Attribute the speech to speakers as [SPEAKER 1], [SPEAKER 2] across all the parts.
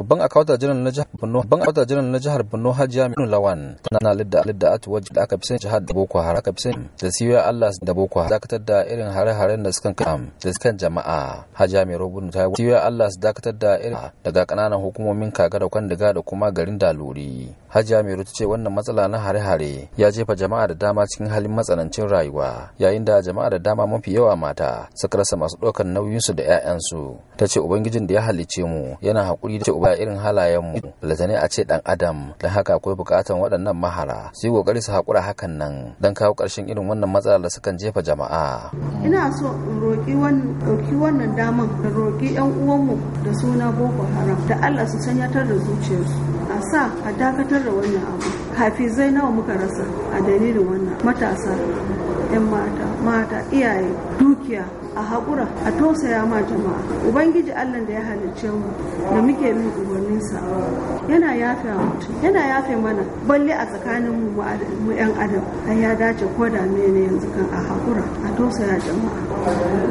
[SPEAKER 1] babban akawta jiran na jihar Borno babban akawta jiran na jihar Borno Hajiya Minu Lawan tana lidda lidda atwaj da aka fi sani jihar da Boko Haram aka fi sani da Siya Allah da Boko Haram dakatar da irin hare-haren da sukan kam da sukan jama'a ya Mai Robun ta Siya Allah dakatar da irin daga kananan hukumomin kaga da kwandiga da kuma garin Daluri Hajiya Meru ta ce wannan matsala na hare-hare ya jefa jama'a da dama cikin halin matsanancin rayuwa yayin da jama'a da dama mafi yawa mata suka rasa masu ɗaukar nauyinsu da 'ya'yansu. Ta ce Ubangijin da ya halicce mu yana haƙuri da ce uba irin halayenmu ne a ce ɗan adam don haka akwai buƙatar waɗannan mahara su yi ƙoƙari su haƙura hakan nan don kawo ƙarshen irin wannan matsala da sukan jefa jama'a.
[SPEAKER 2] Ina so in roƙi ɗauki wannan daman da roƙi 'yan uwanmu da suna Boko Haram da Allah su sanyatar da zuciyarsu a sa a dakatar dakatar da wannan abu hafizai nawa muka rasa a dalilin wannan matasa 'yan mata mata iyaye dukiya a haƙura a tausaya ma jama'a ubangiji allah da ya halicce mu da muke bin ubanninsa yana yafe mutum yana yafe mana balle a tsakanin mu yan adam har ya dace ko da ne yanzu kan a haƙura a tausaya jama'a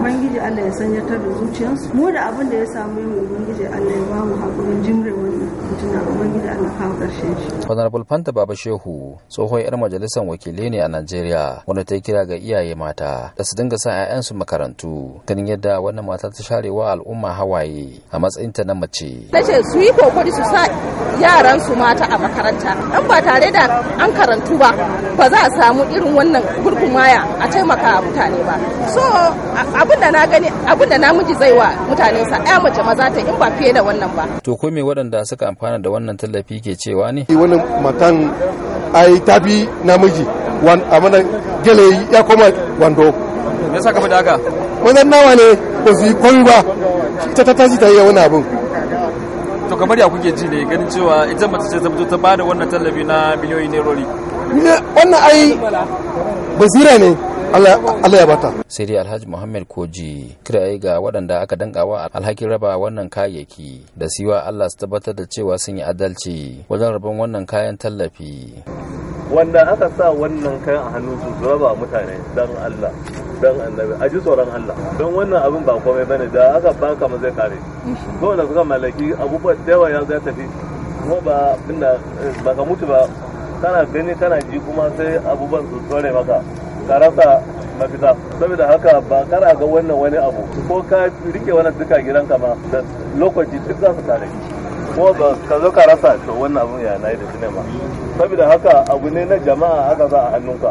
[SPEAKER 2] ubangiji allah ya ta da zuciyarsu mu da abin da ya samu yin ubangiji allah ya ba mu haƙurin jimre wannan mutum ubangiji allah kawo ƙarshen shi.
[SPEAKER 1] honorable fanta baba shehu tsohon yar majalisar wakilai ne a najeriya wanda ta kira ga iyaye mata mata da su dinga sa 'ya'yansu makarantu ganin yadda wannan mata ta share wa al'umma hawaye a matsayinta na mace. Na ce su
[SPEAKER 2] yi kokari su sa yaran su mata a makaranta in ba tare da an karantu ba ba za a samu irin wannan gurgumaya a taimaka mutane ba. So abin da na gani abin da namiji zai wa mutane sa 'ya mace maza ta in ba fiye da wannan ba.
[SPEAKER 1] To ko me waɗanda suka amfana da wannan tallafi ke cewa ne? Wannan matan ai tafi namiji amma gele ya koma wando ya saka mu daga
[SPEAKER 3] wannan nawa ne ko su yi komi ta tashi ta yi wani abin
[SPEAKER 1] to kamar ya kuke ji ne ganin cewa ita mace ce ta fito ta bada wannan tallafi na ne rori
[SPEAKER 3] wannan ai
[SPEAKER 1] basira ne Allah ya bata sai dai Alhaji Muhammad Koji kiraye ga waɗanda aka dankawa alhakin raba wannan kayayyaki da siwa Allah su tabbatar da cewa sun yi adalci wajen rabon wannan kayan tallafi
[SPEAKER 3] wanda aka sa wannan kayan a hannun su raba mutane dan Allah don annabi a ji tsoron Allah don wannan abin ba komai bane da aka baka ma zai kare ko da suka mallaki abubuwa da yawa ya zai tafi kuma ba eh, ba ka mutu ba kana gani kana ji kuma sai abubuwan su tsore maka karasa mafita saboda haka ba kara ga wannan wani abu ko ka rike wannan duka gidanka ma da lokaci duk za su tare ko ba ka zo ka rasa to wannan abun ya na yi da sinima saboda haka abu ne na jama'a aka za a hannunka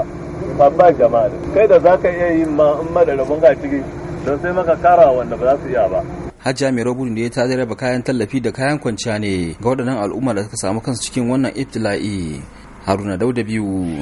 [SPEAKER 3] babba jama'a kai da za ka iya yin ma in ma da rabon ka ciki don sai maka kara wanda ba za su iya ba
[SPEAKER 1] hajja mai rabu da ya ta raba kayan tallafi da kayan kwanciya ne ga waɗannan al'umma da suka samu kansu cikin wannan iftila'i haruna dauda biyu